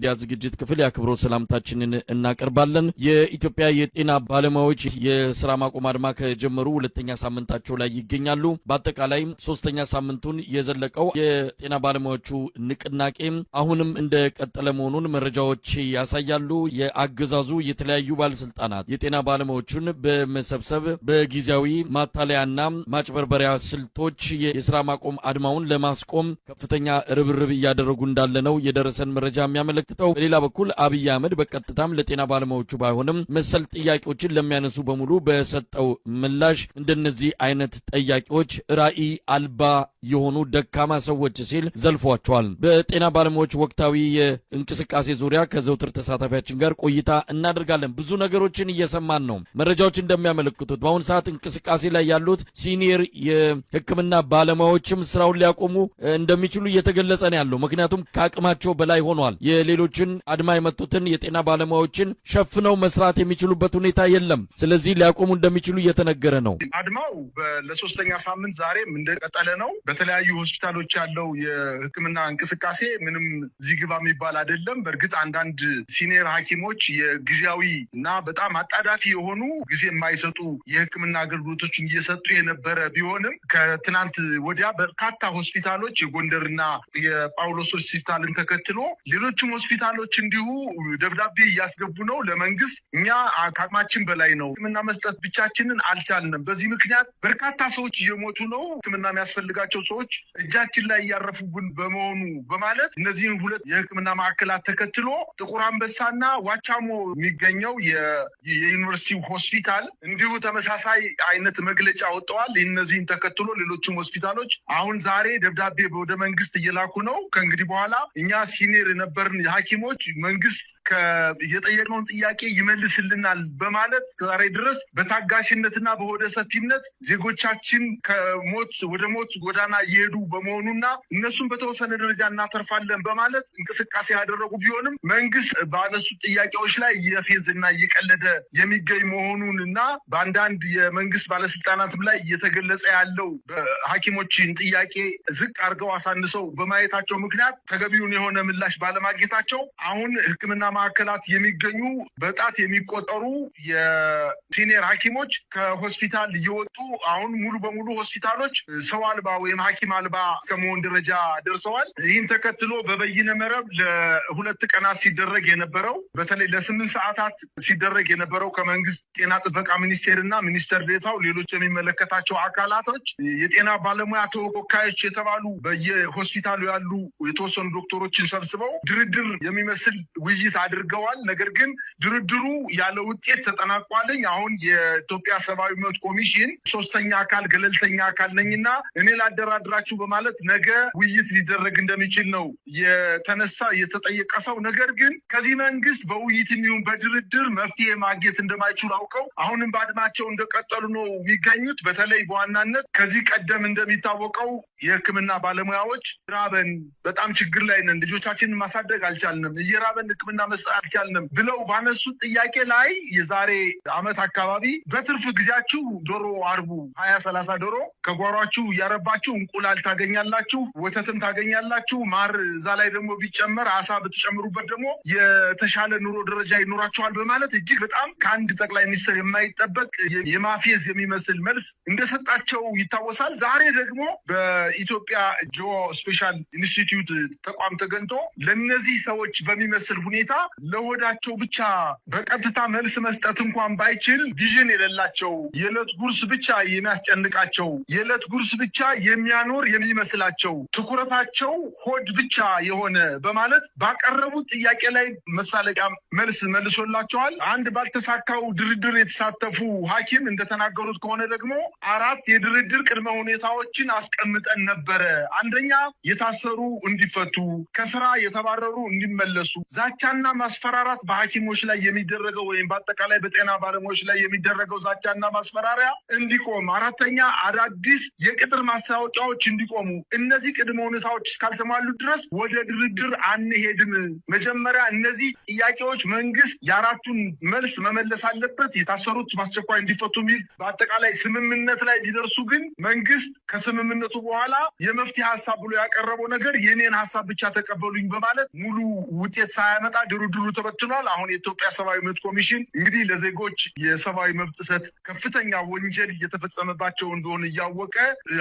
ሚዲያ ዝግጅት ክፍል የአክብሮ ሰላምታችንን እናቀርባለን። የኢትዮጵያ የጤና ባለሙያዎች የስራ ማቆም አድማ ከጀመሩ ሁለተኛ ሳምንታቸው ላይ ይገኛሉ። በአጠቃላይ ሶስተኛ ሳምንቱን የዘለቀው የጤና ባለሙያዎቹ ንቅናቄ አሁንም እንደቀጠለ መሆኑን መረጃዎች ያሳያሉ። የአገዛዙ የተለያዩ ባለስልጣናት የጤና ባለሙያዎቹን በመሰብሰብ በጊዜያዊ ማታለያና ማጭበርበሪያ ስልቶች የስራ ማቆም አድማውን ለማስቆም ከፍተኛ ርብርብ እያደረጉ እንዳለ ነው የደረሰን መረጃ የሚያመለክ አመልክተው፣ በሌላ በኩል አብይ አህመድ በቀጥታም ለጤና ባለሙያዎቹ ባይሆንም መሰል ጥያቄዎችን ለሚያነሱ በሙሉ በሰጠው ምላሽ እንደነዚህ አይነት ጠያቂዎች ራዕይ አልባ የሆኑ ደካማ ሰዎች ሲል ዘልፏቸዋል። በጤና ባለሙያዎች ወቅታዊ የእንቅስቃሴ ዙሪያ ከዘውትር ተሳታፊያችን ጋር ቆይታ እናደርጋለን። ብዙ ነገሮችን እየሰማን ነው። መረጃዎች እንደሚያመለክቱት በአሁኑ ሰዓት እንቅስቃሴ ላይ ያሉት ሲኒየር የሕክምና ባለሙያዎችም ስራውን ሊያቆሙ እንደሚችሉ እየተገለጸ ነው ያለው። ምክንያቱም ከአቅማቸው በላይ ሆኗል። ሌሎችን አድማ የመጡትን የጤና ባለሙያዎችን ሸፍነው መስራት የሚችሉበት ሁኔታ የለም። ስለዚህ ሊያቆሙ እንደሚችሉ እየተነገረ ነው። አድማው ለሶስተኛ ሳምንት ዛሬም እንደቀጠለ ነው። በተለያዩ ሆስፒታሎች ያለው የሕክምና እንቅስቃሴ ምንም ዚግባ የሚባል አይደለም። በእርግጥ አንዳንድ ሲኒየር ሐኪሞች የጊዜያዊ እና በጣም አጣዳፊ የሆኑ ጊዜ የማይሰጡ የሕክምና አገልግሎቶችን እየሰጡ የነበረ ቢሆንም ከትናንት ወዲያ በርካታ ሆስፒታሎች የጎንደርና የጳውሎስ ሆስፒታልን ተከትሎ ሌሎችም ሆስፒታሎች እንዲሁ ደብዳቤ እያስገቡ ነው ለመንግስት። እኛ ከአቅማችን በላይ ነው ህክምና መስጠት ብቻችንን አልቻልንም። በዚህ ምክንያት በርካታ ሰዎች እየሞቱ ነው። ህክምና የሚያስፈልጋቸው ሰዎች እጃችን ላይ እያረፉብን በመሆኑ በማለት እነዚህን ሁለት የህክምና ማዕከላት ተከትሎ ጥቁር አንበሳና ዋቻሞ የሚገኘው የዩኒቨርሲቲ ሆስፒታል እንዲሁ ተመሳሳይ አይነት መግለጫ ወጥተዋል። እነዚህን ተከትሎ ሌሎችም ሆስፒታሎች አሁን ዛሬ ደብዳቤ ወደ መንግስት እየላኩ ነው። ከእንግዲህ በኋላ እኛ ሲኒየር የነበርን hakim o Mengist የጠየቅነውን ጥያቄ ይመልስልናል በማለት ዛሬ ድረስ በታጋሽነትና በሆደ ሰፊነት ዜጎቻችን ከሞት ወደ ሞት ጎዳና እየሄዱ በመሆኑና እነሱን በተወሰነ ደረጃ እናተርፋለን በማለት እንቅስቃሴ ያደረጉ ቢሆንም መንግስት በአነሱት ጥያቄዎች ላይ እየፌዘና እየቀለደ የሚገኝ መሆኑን እና በአንዳንድ የመንግስት ባለስልጣናትም ላይ እየተገለጸ ያለው ሐኪሞችን ጥያቄ ዝቅ አድርገው አሳንሰው በማየታቸው ምክንያት ተገቢውን የሆነ ምላሽ ባለማግኘታቸው አሁን ሕክምና ማዕከላት የሚገኙ በጣት የሚቆጠሩ የሲኒየር ሐኪሞች ከሆስፒታል እየወጡ አሁን ሙሉ በሙሉ ሆስፒታሎች ሰው አልባ ወይም ሐኪም አልባ ከመሆን ደረጃ ደርሰዋል። ይህን ተከትሎ በበይነ መረብ ለሁለት ቀናት ሲደረግ የነበረው በተለይ ለስምንት ሰዓታት ሲደረግ የነበረው ከመንግስት ጤና ጥበቃ ሚኒስቴር እና ሚኒስተር ዴታው ሌሎች የሚመለከታቸው አካላቶች የጤና ባለሙያ ተወካዮች የተባሉ በየሆስፒታሉ ያሉ የተወሰኑ ዶክተሮችን ሰብስበው ድርድር የሚመስል ውይይት አድርገዋል። ነገር ግን ድርድሩ ያለ ውጤት ተጠናቋልኝ። አሁን የኢትዮጵያ ሰብአዊ መብት ኮሚሽን ሶስተኛ አካል ገለልተኛ አካል ነኝና እኔ ላደራድራችሁ በማለት ነገ ውይይት ሊደረግ እንደሚችል ነው የተነሳ የተጠየቀ ሰው። ነገር ግን ከዚህ መንግስት በውይይት እንዲሁም በድርድር መፍትሄ ማግኘት እንደማይችሉ አውቀው አሁንም በአድማቸው እንደቀጠሉ ነው የሚገኙት። በተለይ በዋናነት ከዚህ ቀደም እንደሚታወቀው የሕክምና ባለሙያዎች ራበን፣ በጣም ችግር ላይ ነን፣ ልጆቻችንን ማሳደግ አልቻልንም፣ እየራበን ሕክምና መመስረት አልቻልንም ብለው ባነሱት ጥያቄ ላይ የዛሬ አመት አካባቢ በትርፍ ጊዜያችሁ ዶሮ አርቡ፣ ሀያ ሰላሳ ዶሮ ከጓሯችሁ እያረባችሁ እንቁላል ታገኛላችሁ፣ ወተትም ታገኛላችሁ። ማር እዛ ላይ ደግሞ ቢጨመር አሳ ብትጨምሩበት ደግሞ የተሻለ ኑሮ ደረጃ ይኖራችኋል በማለት እጅግ በጣም ከአንድ ጠቅላይ ሚኒስትር የማይጠበቅ የማፌዝ የሚመስል መልስ እንደሰጣቸው ይታወሳል። ዛሬ ደግሞ በኢትዮጵያ ጂኦ ስፔሻል ኢንስቲትዩት ተቋም ተገንቶ ለነዚህ ሰዎች በሚመስል ሁኔታ ለሆዳቸው ብቻ በቀጥታ መልስ መስጠት እንኳን ባይችል ቪዥን የሌላቸው የዕለት ጉርስ ብቻ የሚያስጨንቃቸው የዕለት ጉርስ ብቻ የሚያኖር የሚመስላቸው ትኩረታቸው ሆድ ብቻ የሆነ በማለት ባቀረቡት ጥያቄ ላይ መሳለቂያ መልስ መልሶላቸዋል። አንድ ባልተሳካው ድርድር የተሳተፉ ሐኪም እንደተናገሩት ከሆነ ደግሞ አራት የድርድር ቅድመ ሁኔታዎችን አስቀምጠን ነበረ። አንደኛ የታሰሩ እንዲፈቱ፣ ከስራ የተባረሩ እንዲመለሱ፣ ዛቻና ማስፈራራት በሐኪሞች ላይ የሚደረገው ወይም በአጠቃላይ በጤና ባለሙያዎች ላይ የሚደረገው ዛቻና ማስፈራሪያ እንዲቆም፣ አራተኛ አዳዲስ የቅጥር ማስታወቂያዎች እንዲቆሙ። እነዚህ ቅድመ ሁኔታዎች እስካልተሟሉ ድረስ ወደ ድርድር አንሄድም። መጀመሪያ እነዚህ ጥያቄዎች መንግስት የአራቱን መልስ መመለስ አለበት። የታሰሩት በአስቸኳይ እንዲፈቱ የሚል በአጠቃላይ ስምምነት ላይ ቢደርሱ ግን መንግስት ከስምምነቱ በኋላ የመፍትሄ ሀሳብ ብሎ ያቀረበው ነገር የኔን ሀሳብ ብቻ ተቀበሉኝ በማለት ሙሉ ውጤት ሳያመጣ ድርድሩ ተበትኗል። አሁን የኢትዮጵያ ሰብአዊ መብት ኮሚሽን እንግዲህ ለዜጎች የሰብአዊ መብት ጥሰት ከፍተኛ ወንጀል እየተፈጸመባቸው እንደሆነ እያወቀ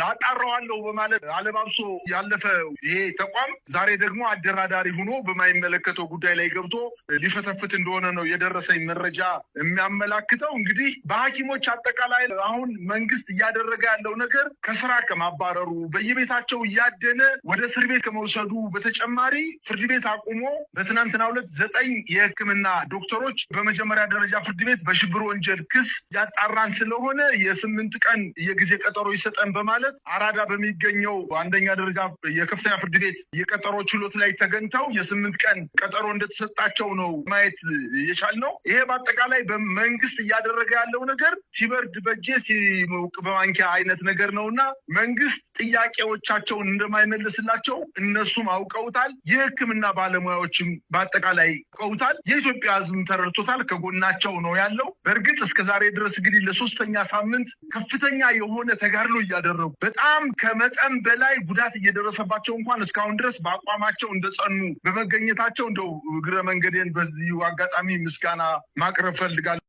አጣራዋለሁ በማለት አለባብሶ ያለፈ ይሄ ተቋም ዛሬ ደግሞ አደራዳሪ ሆኖ በማይመለከተው ጉዳይ ላይ ገብቶ ሊፈተፍት እንደሆነ ነው የደረሰኝ መረጃ የሚያመላክተው። እንግዲህ በሐኪሞች አጠቃላይ አሁን መንግስት እያደረገ ያለው ነገር ከስራ ከማባረሩ በየቤታቸው እያደነ ወደ እስር ቤት ከመውሰዱ በተጨማሪ ፍርድ ቤት አቁሞ በትናንትና ሁለት ዘጠኝ የሕክምና ዶክተሮች በመጀመሪያ ደረጃ ፍርድ ቤት በሽብር ወንጀል ክስ ያጣራን ስለሆነ የስምንት ቀን የጊዜ ቀጠሮ ይሰጠን በማለት አራዳ በሚገኘው አንደኛ ደረጃ የከፍተኛ ፍርድ ቤት የቀጠሮ ችሎት ላይ ተገኝተው የስምንት ቀን ቀጠሮ እንደተሰጣቸው ነው ማየት የቻልነው። ይሄ በአጠቃላይ በመንግስት እያደረገ ያለው ነገር ሲበርድ በእጄ ሲሞቅ በማንኪያ አይነት ነገር ነው እና መንግስት ጥያቄዎቻቸውን እንደማይመልስላቸው እነሱም አውቀውታል። የህክምና ባለሙያዎችም በአጠቃላይ ቀውታል። የኢትዮጵያ ህዝብም ተረድቶታል፣ ከጎናቸው ነው ያለው። በእርግጥ እስከ ዛሬ ድረስ እንግዲህ ለሶስተኛ ሳምንት ከፍተኛ የሆነ ተጋድሎ እያደረጉ በጣም ከመጠን በላይ ጉዳት እየደረሰባቸው እንኳን እስካሁን ድረስ በአቋማቸው እንደጸኑ በመገኘታቸው እንደው እግረ መንገዴን በዚሁ አጋጣሚ ምስጋና ማቅረብ ፈልጋለሁ።